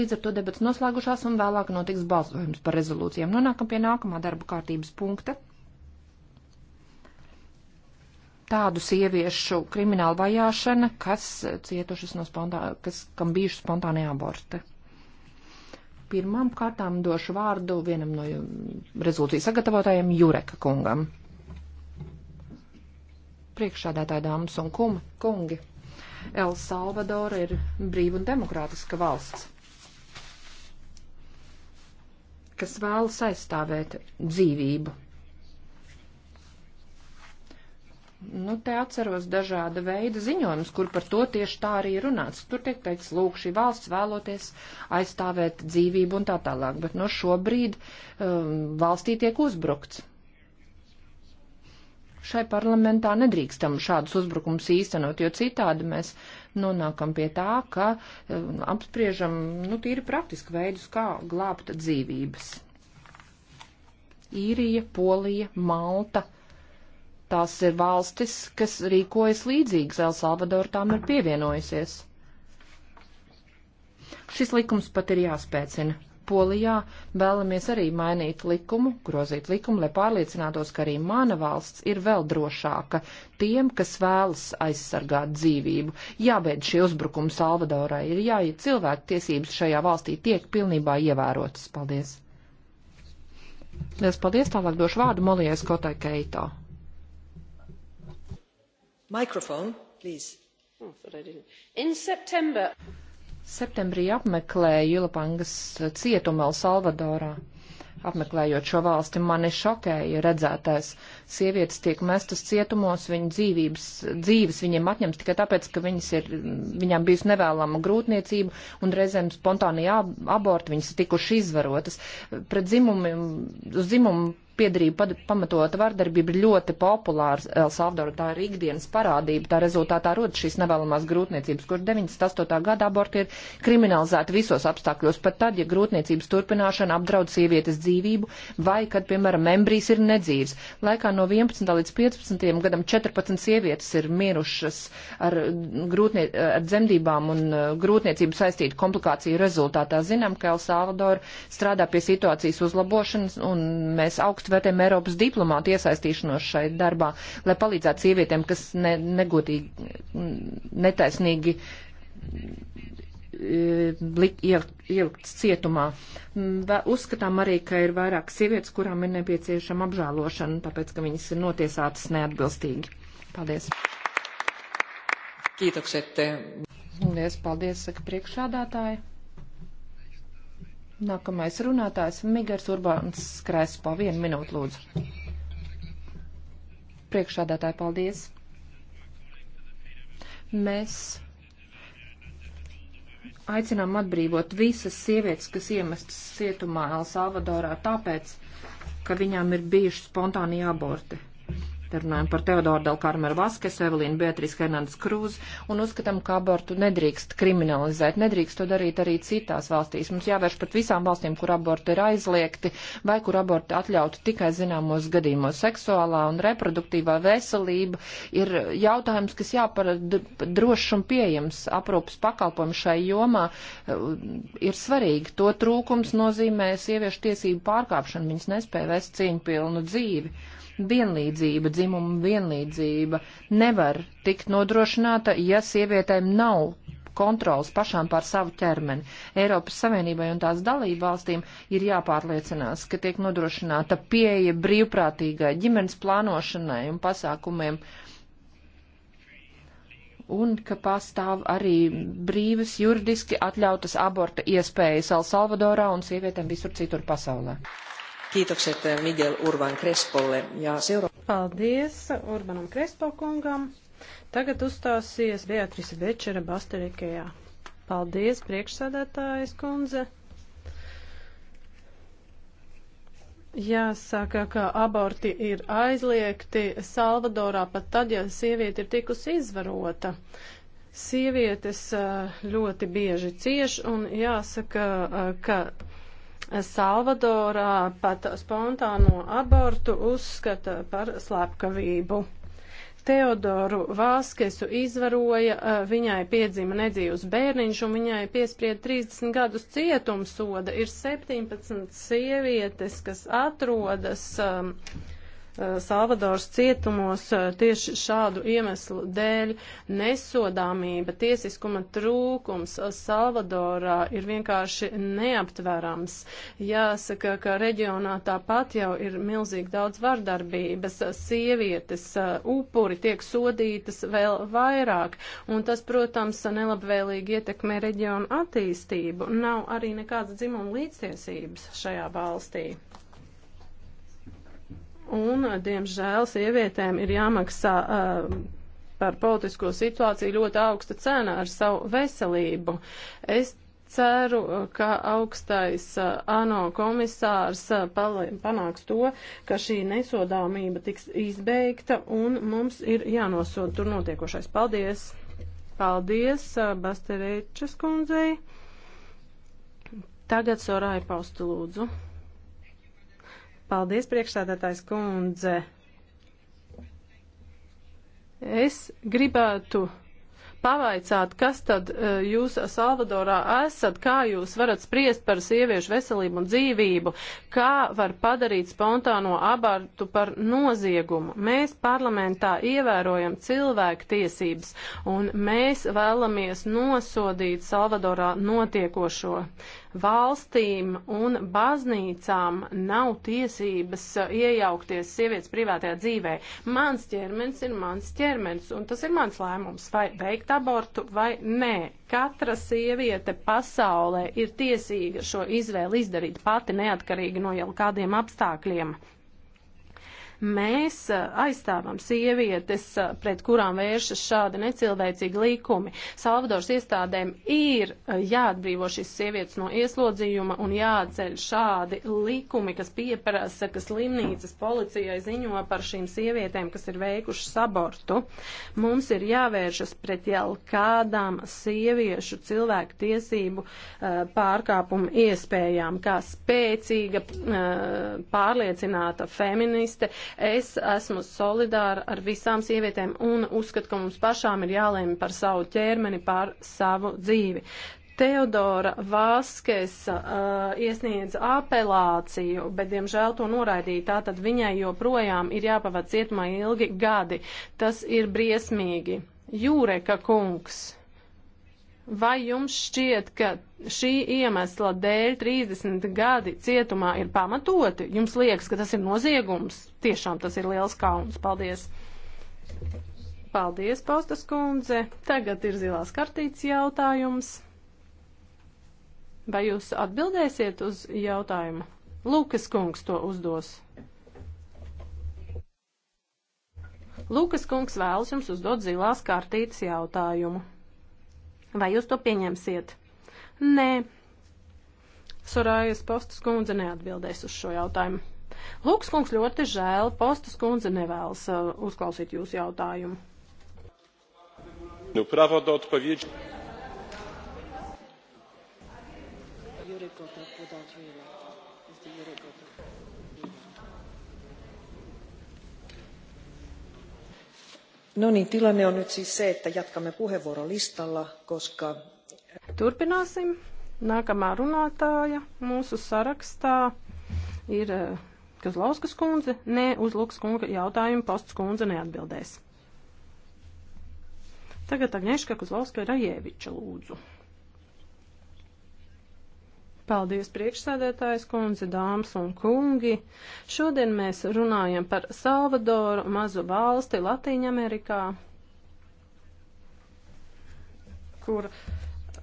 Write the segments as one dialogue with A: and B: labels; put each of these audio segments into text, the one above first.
A: Līdz ar to debats noslēgušās un vēlāk notiks balsojums par rezolūcijām. Nonākam pie nākamā darba kārtības punkta. Tādu sieviešu krimināla vajāšana, kas cietušas no spontā, kas, kam bijuši spontāni aborti. Pirmām kārtām došu vārdu vienam no rezolūcijas sagatavotājiem Jureka kungam. Priekšādātāji dāmas un kumi, kungi. El Salvadora ir brīva un demokrātiska valsts kas vēlas aizstāvēt dzīvību. Nu, te atceros dažāda veida ziņojumus, kur par to tieši tā arī runāts. Tur tiek teikts, lūk, šī valsts vēloties aizstāvēt dzīvību un tā tālāk, bet no šobrīd um, valstī tiek uzbrukts šai parlamentā nedrīkstam šādus uzbrukums īstenot, jo citādi mēs nonākam pie tā, ka um, apspriežam, nu, tīri praktiski veidus, kā glābt dzīvības. Īrija, Polija, Malta. Tās ir valstis, kas rīkojas līdzīgas, El Salvador tām ir pievienojusies. Šis likums pat ir jāspēcina Polijā vēlamies arī mainīt likumu, grozīt likumu, lai pārliecinātos, ka arī mana valsts ir vēl drošāka tiem, kas vēlas aizsargāt dzīvību. Jābeidz šie uzbrukumi Salvadorai, ir jāiet cilvēku tiesības šajā valstī tiek pilnībā ievērotas. Paldies! Liels paldies! Tālāk došu vārdu Molijas Kotai Keito. Mikrofonu, please. Oh, in September. Septembrī apmeklēju Ilapangas cietumu El Salvadorā. Apmeklējot šo valsti, mani šokēja redzētais. Sievietes tiek mestas cietumos, viņu dzīvības, dzīves viņiem atņems tikai tāpēc, ka viņas ir, viņām bijusi nevēlama grūtniecība un reizēm spontāni aborti, viņas ir tikuši izvarotas. Pret dzimumiem, uz dzimumu piedarība pamatota vardarbība ir ļoti populāra Elsalvadorā. Tā ir ikdienas parādība, tā rezultātā rodas šīs nevēlamās grūtniecības, kur 98. gada aborti ir kriminalizēti visos apstākļos, pat tad, ja grūtniecības turpināšana apdraud sievietes dzīvību vai, kad, piemēram, membrīs ir nedzīves. Laikā no 11. līdz 15. gadam 14 sievietes ir mirušas ar, grūtnie, ar dzemdībām un uh, grūtniecību saistītu komplikāciju rezultātā. Zinām, ka Elsalvadora strādā pie situācijas uzlabošanas un mēs augstu augstu vērtējam Eiropas diplomātu iesaistīšanos šai darbā, lai palīdzētu sievietēm, kas ne, negotīgi, netaisnīgi mm, likt, ielikt cietumā. Mm, uzskatām arī, ka ir vairāk sievietes, kurām ir nepieciešama apžēlošana, tāpēc, ka viņas ir notiesātas neatbilstīgi. Paldies. Kītokšet. Paldies, paldies, saka priekšādātāji. Nākamais runātājs Migers Urbāns Krespo. Vienu minūtu lūdzu. Priekšādātāji, paldies. Mēs aicinām atbrīvot visas sievietes, kas iemestas cietumā El Salvadorā tāpēc, ka viņām ir bijuši spontāni aborti. Te runājam par Teodoru Delkarmeru Vaskes, Evelīnu Beatrisu Hernandes Krūz un uzskatām, ka abortu nedrīkst kriminalizēt. Nedrīkst to darīt arī citās valstīs. Mums jāvērš pret visām valstīm, kur aborti ir aizliegti vai kur aborti atļauti tikai zināmos gadījumos. Seksuālā un reproduktīvā veselība ir jautājums, kas jāparad drošs un pieejams aprūpas pakalpojums šai jomā. Eh, ir svarīgi. To trūkums nozīmē sieviešu tiesību pārkāpšanu. Viņas nespēja vest cieņpilnu dzīvi vienlīdzība, dzimuma vienlīdzība nevar tikt nodrošināta, ja sievietēm nav kontrols pašām pār savu ķermeni. Eiropas Savienībai un tās dalību valstīm ir jāpārliecinās, ka tiek nodrošināta pieeja brīvprātīgai ģimenes plānošanai un pasākumiem un ka pastāv arī brīvas juridiski atļautas aborta iespējas El Salvadorā un sievietēm visur citur pasaulē. Kiitokset eh, Miguel Urban
B: Crespolle. Ja seura... Paldies Urbanam Krespo kungam. Tagad uzstāsies Beatrisa Večera Basterikējā. Paldies, priekšsādātājas kundze. Jāsaka, ka aborti ir aizliegti Salvadorā pat tad, ja sieviete ir tikusi izvarota. Sievietes eh, ļoti bieži cieš un jāsaka, eh, ka Salvadorā pat spontāno abortu uzskata par slepkavību. Teodoru Vāskesu izvaroja, eh, viņai piedzima nedzīvs bērniņš un viņai piespried 30 gadus cietumsoda. Ir 17 sievietes, kas atrodas. Um, Eh, Salvadors cietumos eh, tieši šādu iemeslu dēļ nesodāmība, tiesiskuma trūkums eh, Salvadorā ir vienkārši neaptverams. Jāsaka, ka reģionā tāpat jau ir milzīgi daudz vardarbības, sievietes upuri tiek sodītas vēl vairāk, un tas, protams, nelabvēlīgi ietekmē reģionu attīstību. Nav arī nekādas dzimuma līdztiesības šajā valstī un, diemžēl, sievietēm ir jāmaksā uh, par politisko situāciju ļoti augsta cena ar savu veselību. Es ceru, uh, ka augstais uh, ANO komisārs uh, panāks to, ka šī nesodāmība tiks izbeigta un mums ir jānosoda tur notiekošais. Paldies! Paldies Basterēčas kundzei! Tagad Sorai Paustu lūdzu. Paldies, priekšsādātājs kundze. Es gribētu pavaicāt, kas tad e, jūs Salvadorā esat, kā jūs varat spriest par sieviešu veselību un dzīvību, kā var padarīt spontāno abortu par noziegumu. Mēs parlamentā ievērojam cilvēku tiesības un mēs vēlamies nosodīt Salvadorā notiekošo valstīm un baznīcām nav tiesības e, iejaukties sievietes privātajā dzīvē. Mans ķermenis ir mans ķermenis, un tas ir mans lēmums, vai veikt veikt abortu vai nē. Katra sieviete pasaulē ir tiesīga šo izvēli izdarīt pati neatkarīgi no jau kādiem apstākļiem. Mēs aizstāvam sievietes, pret kurām vēršas šādi necilvēcīgi likumi. Salvadors iestādēm ir jāatbrīvo šīs sievietes no ieslodzījuma un jāatceļ šādi likumi, kas pieprasa, ka slimnīcas policijai ziņo par šīm sievietēm, kas ir veikušas abortu. Mums ir jāvēršas pret jau kādām sieviešu cilvēku tiesību pārkāpumu iespējām, kā spēcīga, pārliecināta feministe. Es esmu solidāra ar visām sievietēm un uzskatu, ka mums pašām ir jālēma par savu ķermeni, par savu dzīvi. Teodora Vaskes uh, iesniedz apelāciju, bet, diemžēl, to noraidīja. Tātad viņai joprojām ir jāpavada cietumā ilgi gadi. Tas ir briesmīgi. Jūreka kungs. Vai jums šķiet, ka šī iemesla dēļ 30 gadi cietumā ir pamatoti? Jums liekas, ka tas ir noziegums? Tiešām tas ir liels kauns. Paldies! Paldies, Paustas kundze. Tagad ir zilās kartītes jautājums. Vai jūs atbildēsiet uz jautājumu? Lūkas kungs to uzdos. Lūkas kungs vēlas jums uzdot zilās kartītes jautājumu. Vai jūs to pieņemsiet? Nē. Sorājas postas kundze neatbildēs uz šo jautājumu. Lūks kungs ļoti žēl, postas kundze nevēlas uh, uzklausīt jūsu jautājumu.
C: Nu, pravo do odpowiedzi.
A: Jury Kotak podał dwie lata. No niin, tilanne on nyt siis se, että
B: jatkamme puheenvuorolistalla, koska... Turpināsim. Nākamā runātāja mūsu sarakstā ir eh, Kazlauskas kundze. Nē, uz Lukas kunga jautājumu posts kundze neatbildēs. Tagad Agnieszka Kazlauska Rajeviča lūdzu. Paldies, priekšsēdētājs kundze, dāmas un kungi. Šodien mēs runājam par Salvadoru, mazu valsti Latīņamerikā, kur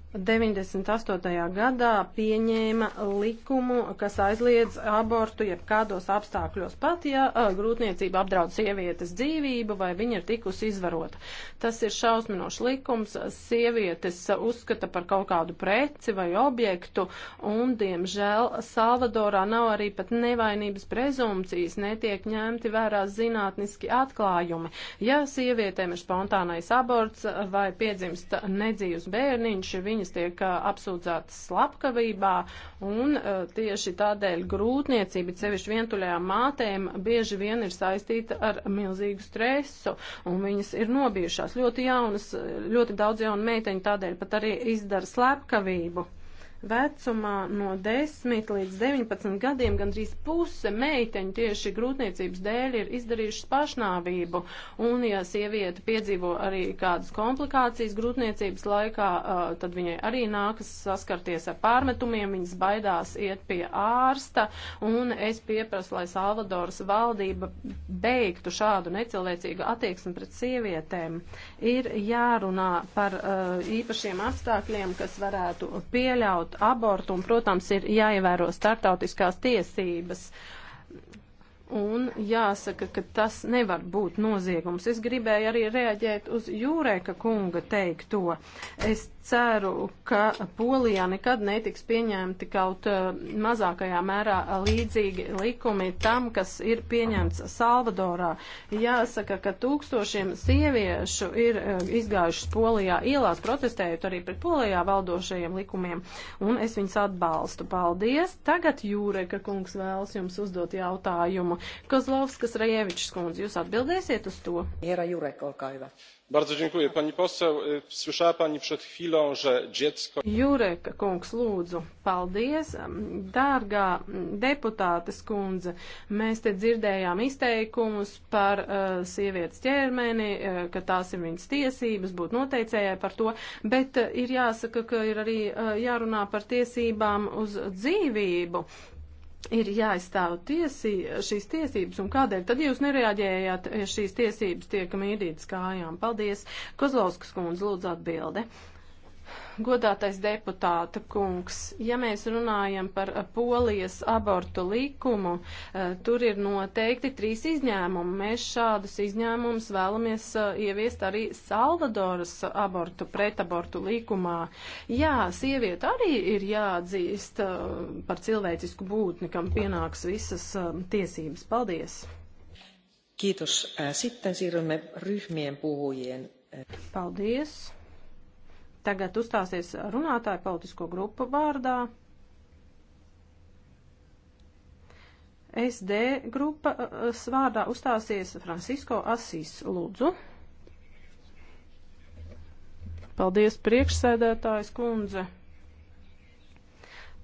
B: 98. gadā pieņēma likumu, kas aizliedz abortu jebkādos apstākļos, pat ja uh, grūtniecība apdraud sievietes dzīvību vai viņa ir tikusi izvarota. Tas ir šausminošs likums, sievietes uzskata par kaut kādu preci vai objektu, un, diemžēl, Salvadorā nav arī pat nevainības prezumcijas, netiek ņemti vērā zinātniski atklājumi. Ja sievietēm ir spontānais aborts vai piedzimst nedzīvs bērniņš, viņa Viņas tiek apsūdzētas slapkavībā un tieši tādēļ grūtniecība, sevišķi vientuļajām mātēm, bieži vien ir saistīta ar milzīgu stresu un viņas ir nobijušās. Ļoti jaunas, ļoti daudz jaunu meiteņu tādēļ pat arī izdara slapkavību vecumā no 10 līdz 19 gadiem gandrīz puse meiteņu tieši grūtniecības dēļ ir izdarījušas pašnāvību. Un, ja sieviete piedzīvo arī kādas komplikācijas grūtniecības laikā, tad viņai arī nākas saskarties ar pārmetumiem, viņas baidās iet pie ārsta. Un es pieprasu, lai Salvadoras valdība beigtu šādu necilvēcīgu attieksmi pret sievietēm. Ir jārunā par īpašiem apstākļiem, kas varētu pieļaut atļaut abortu, un, protams, ir jāievēro startautiskās tiesības. Un jāsaka, ka tas nevar būt noziegums. Es gribēju arī reaģēt uz Jūrēka kunga teikto. Es ceru, ka Polijā nekad netiks pieņemti kaut eh, mazākajā mērā līdzīgi likumi tam, kas ir pieņemts Salvadorā. Jāsaka, ka tūkstošiem sieviešu ir eh, izgājušas Polijā ielās, protestējot arī pret Polijā valdošajiem likumiem, un es viņus atbalstu. Paldies! Tagad Jūreka kungs vēlas jums uzdot jautājumu. Kozlovskas Rajevičs kundze, jūs atbildēsiet uz to? Iera Jūreka, olkā hyvä
C: pani poseł słyszała pani przed chwilą że dziecko.
B: jurek kungs lūdzu paldies mm, dārgā deputātes kundze mēs te dzirdējām izteikumus par uh, sievietes ķermeni uh, ka tās ir viņas tiesības būt noteicējai par to bet uh, ir jāsaka ka ir arī uh, jārunā par tiesībām uz dzīvību ir jāizstāv tiesī, šīs tiesības, un kādēļ tad jūs nereaģējāt, ja šīs tiesības tiek mīdītas kājām? Paldies! Kozlovskas kundze, lūdzu atbildi. Uh, godātais deputāta kungs, ja mēs runājam par polijas abortu likumu, eh, tur ir noteikti trīs izņēmumi. Mēs šādus izņēmumus vēlamies eh, ieviest arī Salvadoras abortu, pretabortu likumā. Jā, sieviete arī ir jāatzīst eh, par cilvēcisku būtni, kam pienāks visas tiesības. Paldies! Kiitos. Sitten siirrymme ryhmien puhujien. Paldies. Tagad uzstāsies runātāja politisko grupu vārdā. SD grupa svārdā uzstāsies Francisko Asīs Lūdzu. Paldies priekšsēdētājs kundze.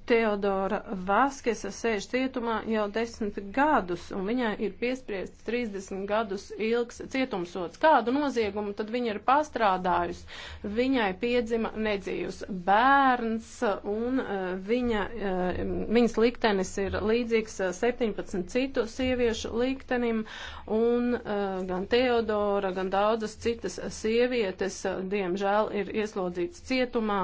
B: Teodora Vaskesa sēž cietumā jau desmit gadus, un viņai ir piespriests 30 gadus ilgs cietumsots. Kādu noziegumu tad viņa ir pastrādājusi? Viņai piedzima nedzīvs bērns, un eh, viņa, eh, viņas liktenis ir līdzīgs 17 eh, citu sieviešu liktenim, un gan Teodora, gan daudzas citas sievietes, diemžēl, ir ieslodzītas cietumā,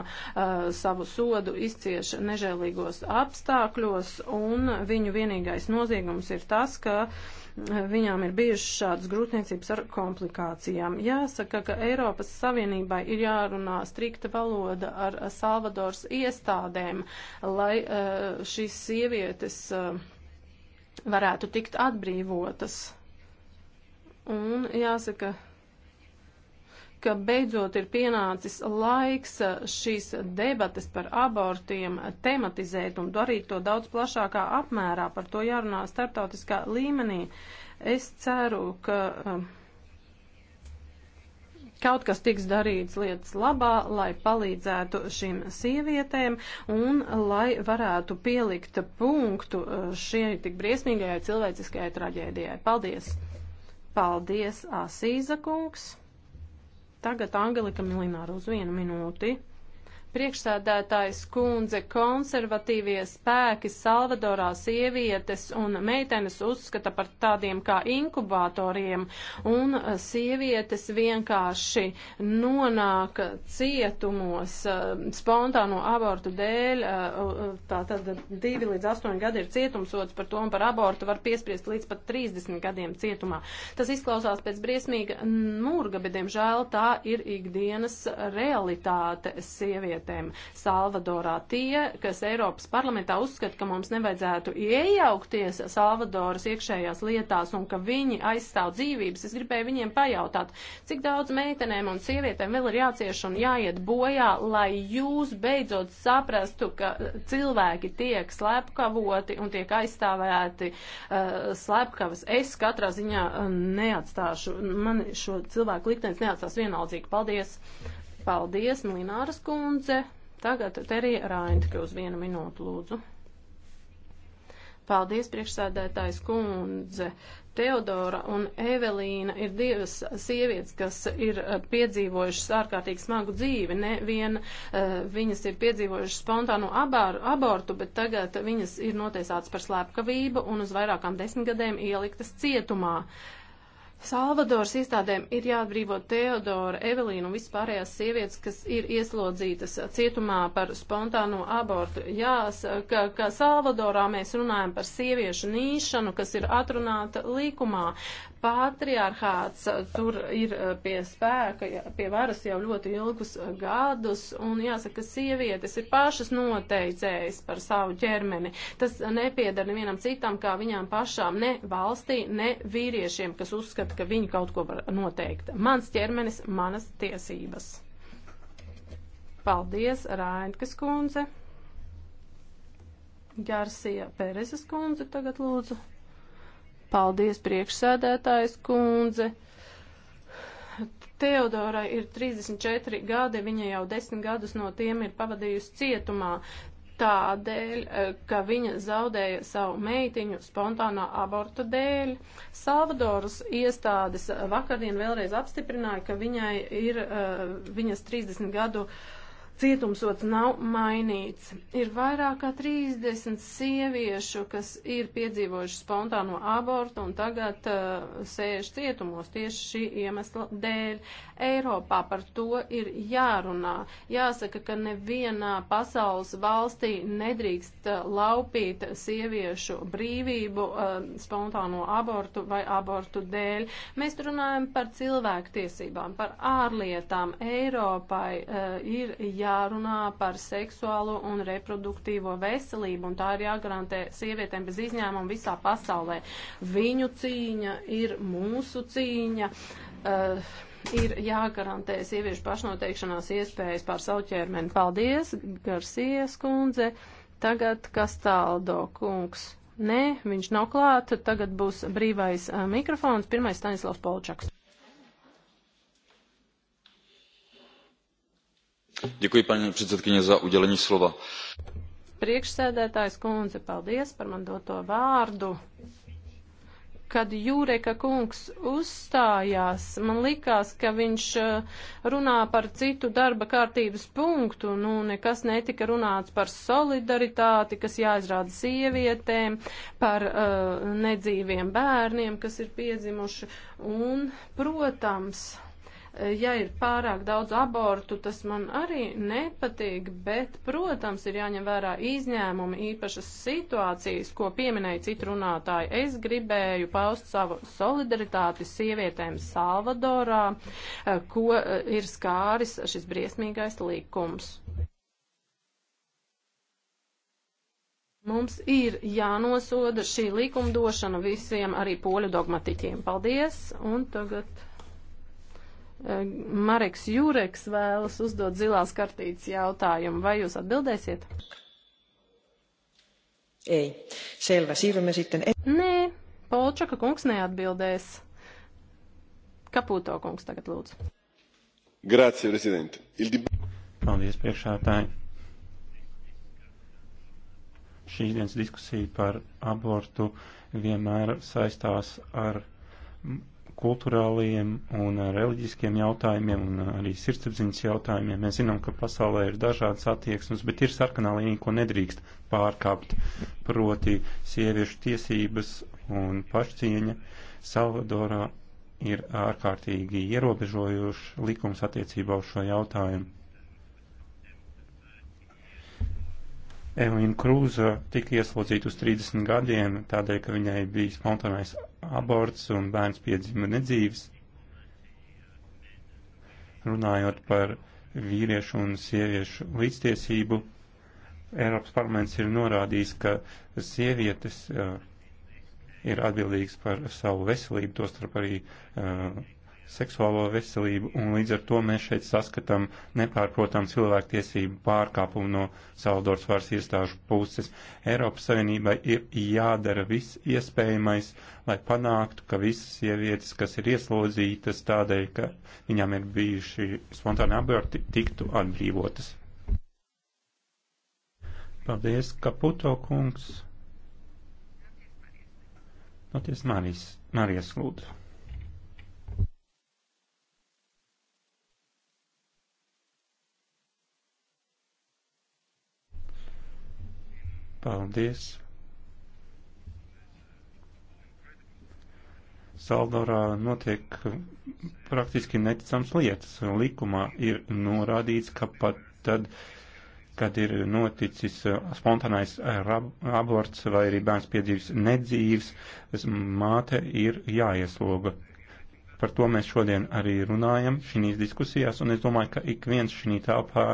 B: savu sodu izcieš nežēlīgi labvēlīgos apstākļos, un viņu vienīgais noziegums ir tas, ka mm, viņām ir bijušas šādas grūtniecības ar komplikācijām. Jāsaka, ka Eiropas Savienībai ir jārunā strikta valoda ar Salvadors iestādēm, lai eh, šīs sievietes eh, varētu tikt atbrīvotas. Un jāsaka, ka ka beidzot ir pienācis laiks uh, šīs debates par abortiem tematizēt un darīt to daudz plašākā apmērā. Par to jārunā starptautiskā līmenī. Es ceru, ka um, kaut kas tiks darīts lietas labā, lai palīdzētu šīm sievietēm un lai varētu pielikt punktu uh, šie tik briesmīgajai cilvēciskajai traģēdijai. Paldies! Paldies, Asīza kungs! Tagad Angelika Milināra uz vienu minūti. Priekšsēdētājs kundze konservatīvie spēki Salvadorā sievietes un meitenes uzskata par tādiem kā inkubatoriem, un eh, sievietes vienkārši nonāk cietumos eh, spontāno abortu dēļ. Eh, Tātad divi līdz astoņi gadi ir cietumsots par to, un par abortu var piespriest līdz pat 30 gadiem cietumā. Tas izklausās pēc briesmīga murga, bet, diemžēl, tā ir ikdienas realitāte sievietes sievietēm Salvadorā. Tie, kas Eiropas parlamentā uzskata, ka mums nevajadzētu iejaukties Salvadoras iekšējās lietās un ka viņi aizstāv dzīvības, es gribēju viņiem pajautāt, cik daudz meitenēm un sievietēm vēl ir jācieš un jāiet bojā, lai jūs beidzot saprastu, ka cilvēki tiek slepkavoti un tiek aizstāvēti uh, slepkavas. Es katrā ziņā uh, neatstāšu, man šo cilvēku liktenis neatstās vienaldzīgi. Paldies! Paldies, Lināras kundze. Tagad Terija Raintke uz vienu minūtu lūdzu. Paldies, priekšsēdētājs kundze. Teodora un Evelīna ir divas sievietes, kas ir eh, piedzīvojušas ārkārtīgi smagu dzīvi. Nevien uh, viņas ir piedzīvojušas spontānu abāru, abortu, bet tagad viņas ir notiesātas par slēpkavību un uz vairākām desmitgadēm ieliktas cietumā. Uh, Salvadoras iestādēm ir jāatbrīvo Teodora, Evelīna un vispārējās sievietes, kas ir ieslodzītas cietumā par spontāno abortu. Jāsaka, ka Salvadorā mēs runājam par sieviešu nīšanu, kas ir atrunāta likumā. Patriarchāts tur ir pie spēka, pie varas jau ļoti ilgus gadus, un jāsaka, sievietes ir pašas noteicējas par savu ķermeni. Tas nepiedara nevienam citam, kā viņām pašām, ne valstī, ne vīriešiem, kas uzskata, ka viņi kaut ko var noteikt. Mans ķermenis, manas tiesības. Paldies, Rainkas kundze. Garsija Perezes kundze tagad lūdzu. Paldies, priekšsēdētājs kundze. Teodorai ir 34 gadi, viņa jau 10 gadus no tiem ir pavadījusi cietumā tādēļ, eh, ka viņa zaudēja savu meitiņu spontānā aborta dēļ. Salvadoras iestādes vakardien vēlreiz apstiprināja, ka viņai ir eh, viņas 30 gadu uh, Cietumsots nav mainīts. Ir vairāk kā 30 sieviešu, kas ir piedzīvojuši spontāno abortu un tagad uh, sēž cietumos tieši šī iemesla dēļ. Eiropā par to ir jārunā. Jāsaka, ka nevienā pasaules valstī nedrīkst uh, laupīt sieviešu brīvību uh, spontāno abortu vai abortu dēļ. Mēs runājam par cilvēktiesībām, par ārlietām. Eiropai uh, ir jārunā par seksuālo un reproduktīvo veselību, un tā ir jāgarantē sievietēm bez izņēmuma visā pasaulē. Viņu cīņa ir mūsu cīņa. Uh, ir jāgarantē sieviešu pašnoteikšanās iespējas pār savu ķermeni. Paldies, Garsies kundze. Tagad Kastaldo kungs. Nē, viņš nav klāt. Tagad būs brīvais eh, mikrofons. Pirmais Stanislavs Polčaks.
C: Děkuji, paní předsedkyně, za udělení slova.
B: Priekšsēdētājs kundze, paldies par man doto vārdu kad Jūreka kungs uzstājās, man likās, ka viņš eh, runā par citu darba kārtības punktu, nu, nekas netika runāts par solidaritāti, kas jāizrāda sievietēm, par uh, nedzīviem bērniem, kas ir piedzimuši, un, protams, Ja ir pārāk daudz abortu, tas man arī nepatīk, bet, protams, ir jāņem vērā izņēmumi īpašas situācijas, ko pieminēja citu runātāju. Es gribēju paust savu solidaritāti sievietēm Salvadorā, eh, ko eh, ir skāris šis briesmīgais likums. Mums ir jānosoda šī likumdošana visiem arī poļu dogmatiķiem. Paldies! Un tagad Eh, Mareks Jūreks vēlas uzdot zilās kartītes jautājumu. Vai jūs atbildēsiet?
A: Ei, selvä, siirrymme sitten. E-
B: Nē, Polčaka kungs neatbildēs. Kaputo kungs tagad lūdzu.
C: Grazie, prezident. Ildi... Paldies, priekšētāji. Šīs dienas diskusija par abortu vienmēr saistās ar kultūrāliem un reliģiskiem jautājumiem un arī sirdsapziņas jautājumiem. Mēs zinām, ka pasaulē ir dažādas attieksmes, bet ir sarkanā līnija, ko nedrīkst pārkāpt, proti sieviešu tiesības un pašcieņa. Salvadorā ir ārkārtīgi ierobežojuši likums attiecībā uz šo jautājumu. Evelīna Krūza tika ieslodzīta uz 30 gadiem, tādēļ, ka viņai bija spontānais aborts un bērns piedzima nedzīves. Runājot par vīriešu un sieviešu līdztiesību, Eiropas parlaments ir norādījis, ka sievietes uh, ir atbildīgas par savu veselību, tostarp arī uh, seksuālo veselību, un līdz ar to mēs šeit saskatām nepārprotam cilvēku tiesību pārkāpumu no Saldors varas iestāžu puses. Eiropas Savienībai ir jādara viss iespējamais, lai panāktu, ka visas sievietes, kas ir ieslodzītas tādēļ, ka viņām ir bijuši spontāni aborti, tiktu atbrīvotas. Paldies, Kaputo kungs. Noties Marijas, Marijas lūdzu. Paldies! Saldorā notiek praktiski neticams lietas. Likumā ir norādīts, ka pat tad, kad ir noticis uh, spontānais uh, aborts vai arī bērns piedzīvis nedzīves, māte ir jāiesloga. Par to mēs šodien arī runājam šīs diskusijās, un es domāju, ka ik viens šī telpā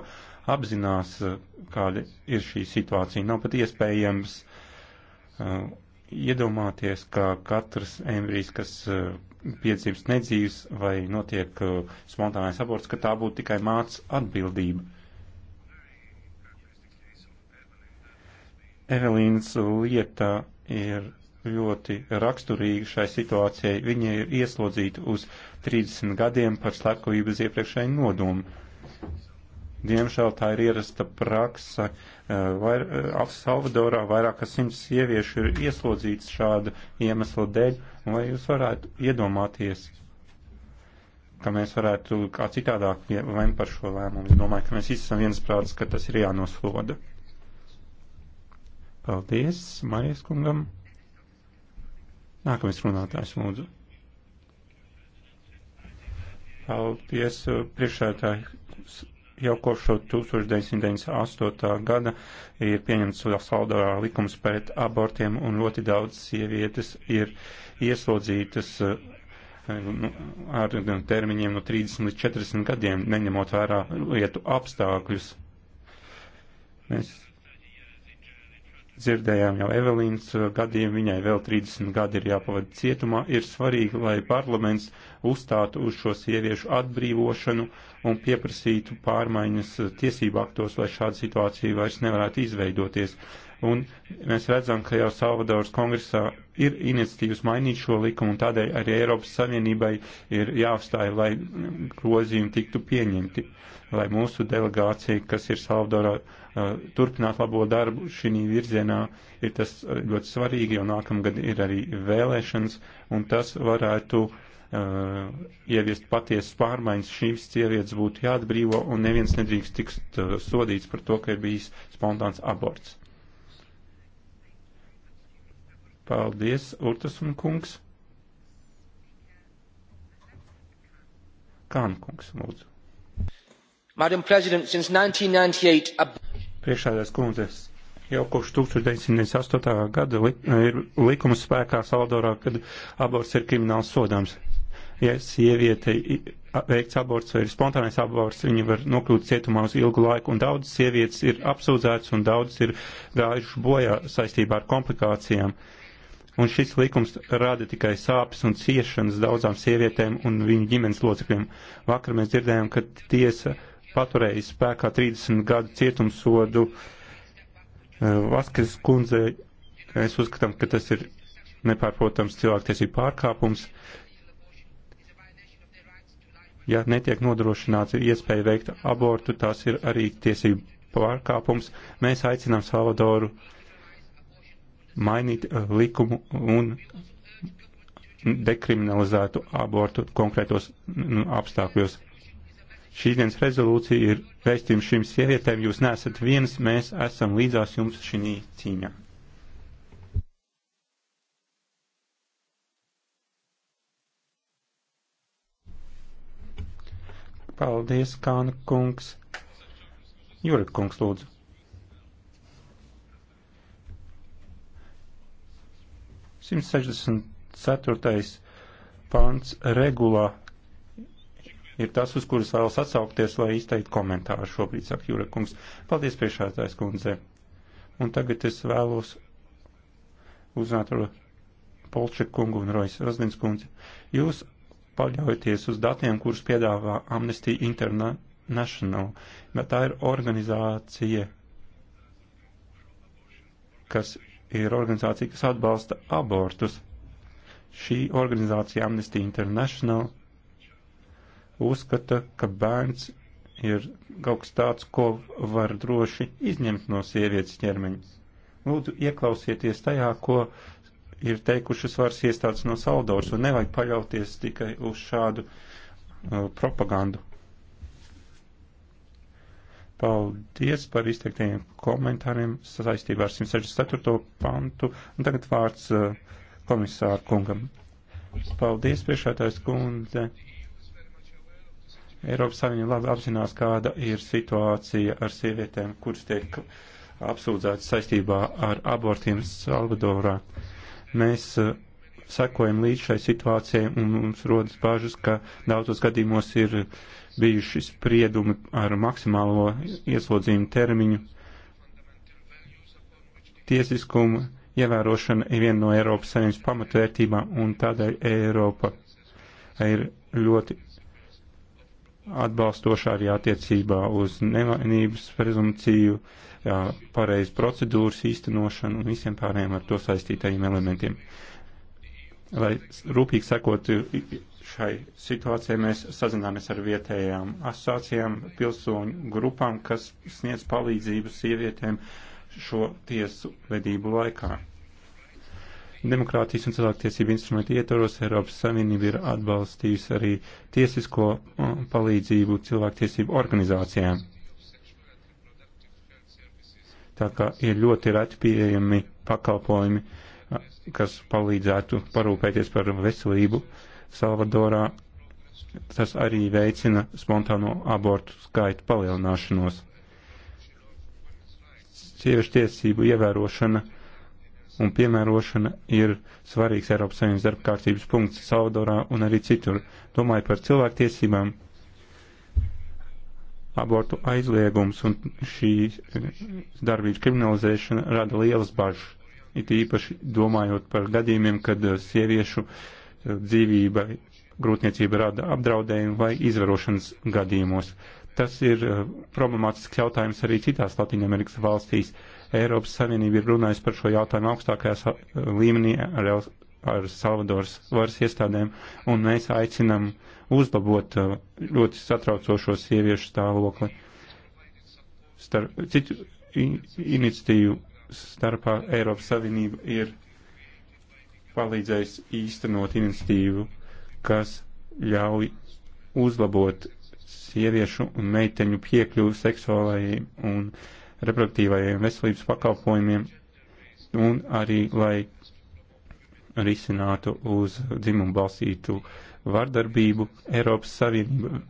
C: apzinās, eh, kāda ir šī situācija. Nav pat iespējams uh, iedomāties, ka katrs embrijs, kas uh, piedzimst nedzīves vai notiek uh, spontānais aborts, ka tā būtu tikai māca atbildība. Evelīnas lieta ir ļoti raksturīga šai situācijai. Viņa ir ieslodzīta uz 30 gadiem par slepkavības iepriekšēju nodomu Diemžēl tā ir ierasta praksa. Eh, vair, eh, Salvadorā vairāk kā simts sieviešu ir ieslodzīts šāda iemesla dēļ, un vai jūs varētu iedomāties, ka mēs varētu kā citādāk lemt par šo lēmumu. Es domāju, ka mēs visi esam viensprāts, ka tas ir jānosloda. Paldies, Marijas kungam. Nākamais runātājs, lūdzu. Paldies, priekšētāji jau kopš 1998. gada ir pieņemts Salvadorā likums pret abortiem un ļoti daudz sievietes ir ieslodzītas eh, nu, ar termiņiem no 30 līdz 40 gadiem, neņemot vērā lietu apstākļus. Mēs Dzirdējām jau Evelīnas uh, gadījumu, viņai vēl 30 gadi ir jāpavada cietumā. Ir svarīgi, lai parlaments uzstātu uz šo sieviešu atbrīvošanu un pieprasītu pārmaiņas uh, tiesību aktos, lai šāda situācija vairs nevarētu izveidoties. Un mēs redzam, ka jau Salvadoras kongresā ir iniciatīvas mainīt šo likumu, un tādēļ arī Eiropas Savienībai ir jāuzstāja, lai grozījumi tiktu pieņemti, lai mūsu delegācija, kas ir Salvadorā, turpināt labo darbu šī virzienā ir tas ļoti svarīgi, jo nākamgad ir arī vēlēšanas, un tas varētu uh, ieviest patiesas pārmaiņas. Šīs sievietes būtu jāatbrīvo, un neviens nedrīkst tikt uh, sodīts par to, ka ir bijis spontāns aborts. Paldies, Urtas un kungs. Kānkungs, lūdzu.
A: Madam President, since 1998...
C: Priekšādās kundzes, jau kopš 1998. gada li, eh, ir likums spēkā Salvadorā, kad aborts ir krimināls sodāms. Ja sieviete veikts aborts vai ir spontānais aborts, viņi var nokļūt cietumā uz ilgu laiku, un daudz sievietes ir apsūdzētas un daudz ir gājuši bojā saistībā ar komplikācijām. Un šis likums rada tikai sāpes un ciešanas daudzām sievietēm un viņu ģimenes locekļiem. Vakar mēs dzirdējām, ka tiesa paturējis spēkā 30 gadu cietumsodu eh, Vaskes kundze. Es uzskatām, ka tas ir nepārprotams cilvēktiesību pārkāpums. Ja netiek nodrošināts iespēja veikt abortu, tās ir arī tiesību pārkāpums. Mēs aicinām Salvadoru mainīt eh, likumu un dekriminalizētu abortu konkrētos apstākļos. Šīs dienas rezolūcija ir vēstījums šīm sievietēm, jūs nesat viens, mēs esam līdzās jums šī cīņā. Paldies, Kāna kungs. Jurek kungs, lūdzu. Simts sešdesmit ceturtais pants regulā ir tas, uz kuras vēlas atsaukties, lai izteikt komentāru šobrīd, saka Jūra kungs. Paldies, priekšētājs kundze. Un tagad es vēlos uzzināt ar Polčeku kungu un Rojas Rozvins kundzi. Jūs paļaujaties uz datiem, kurus piedāvā Amnesty International, bet tā ir organizācija, kas ir organizācija, kas atbalsta abortus. Šī organizācija Amnesty International uzskata, ka bērns ir kaut kas tāds, ko var droši izņemt no sievietes ķermeņa. Lūdzu, ieklausieties tajā, ko ir teikušas varas iestādes no Saldoras, un nevajag paļauties tikai uz šādu uh, propagandu. Paldies par izteiktajiem komentāriem saistībā ar 164. pantu. Un tagad vārds uh, komisāru kungam. Paldies, priekšētājs kundze. Uh, Eiropas Savienība labi apzinās, kāda ir situācija ar sievietēm, kuras tiek apsūdzētas saistībā ar abortiem Salvadorā. Mēs uh, sekojam līdz šai situācijai un mums rodas bažas, ka daudzos gadījumos ir bijuši spriedumi ar maksimālo ieslodzījumu termiņu. Tiesiskuma ievērošana ir viena no Eiropas saimnes pamatvērtībām un tādēļ Eiropa ir ļoti atbalstošā arī attiecībā uz nevainības prezumciju, pareizu procedūras īstenošanu un visiem pārējiem ar to saistītajiem elementiem. Lai rūpīgi sakot šai situācijai, mēs sazināmies ar vietējām asociācijām, pilsoņu grupām, kas sniedz palīdzību sievietēm šo tiesu vedību laikā. Demokrātijas un cilvēktiesību instrumentu ietvaros Eiropas Savienība ir atbalstījusi arī tiesisko uh, palīdzību cilvēktiesību organizācijām. Tā kā ir ļoti reti pieejami pakalpojumi, uh, kas palīdzētu parūpēties par veselību Salvadorā, tas arī veicina spontāno abortu skaitu palielināšanos. Sieviešu tiesību ievērošana un piemērošana ir svarīgs Eiropas Savienības darba kārtības punkts Salvadorā un arī citur. Domāju par cilvēktiesībām, abortu aizliegums un šīs darbības kriminalizēšana rada lielas bažas. It īpaši domājot par gadījumiem, kad eh, sieviešu eh, dzīvība grūtniecība rada apdraudējumu vai izvarošanas gadījumos. Tas ir eh, problemātisks jautājums arī citās Latvijas valstīs. Eiropas Savienība ir runājusi par šo jautājumu augstākajā līmenī ar, ar Salvadoras varas iestādēm, un mēs aicinam uzlabot eh, ļoti satraucošo sieviešu stāvokli. Starp, citu iniciatīvu starpā Eiropas Savienība ir palīdzējusi īstenot iniciatīvu, kas ļauj uzlabot sieviešu un meiteņu piekļuvu seksuālajiem un reproduktīvajiem veselības pakalpojumiem un arī, lai risinātu uz dzimumu balstītu vardarbību, Eiropas Savienība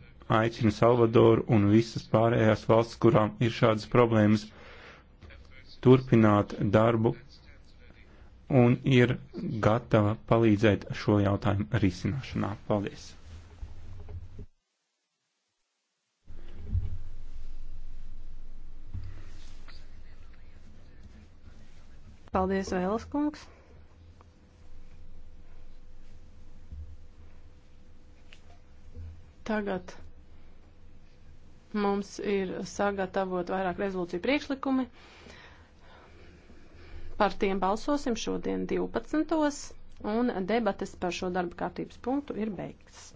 C: aicina Salvadoru un visas pārējās valsts, kurām ir šādas problēmas, turpināt darbu un ir gatava palīdzēt šo jautājumu risināšanā. Paldies!
B: Paldies, Vēlas kungs. Tagad mums ir sagatavot vairāk rezolūciju priekšlikumi. Par tiem balsosim šodien 12. un debates par šo darba kārtības punktu ir beigts.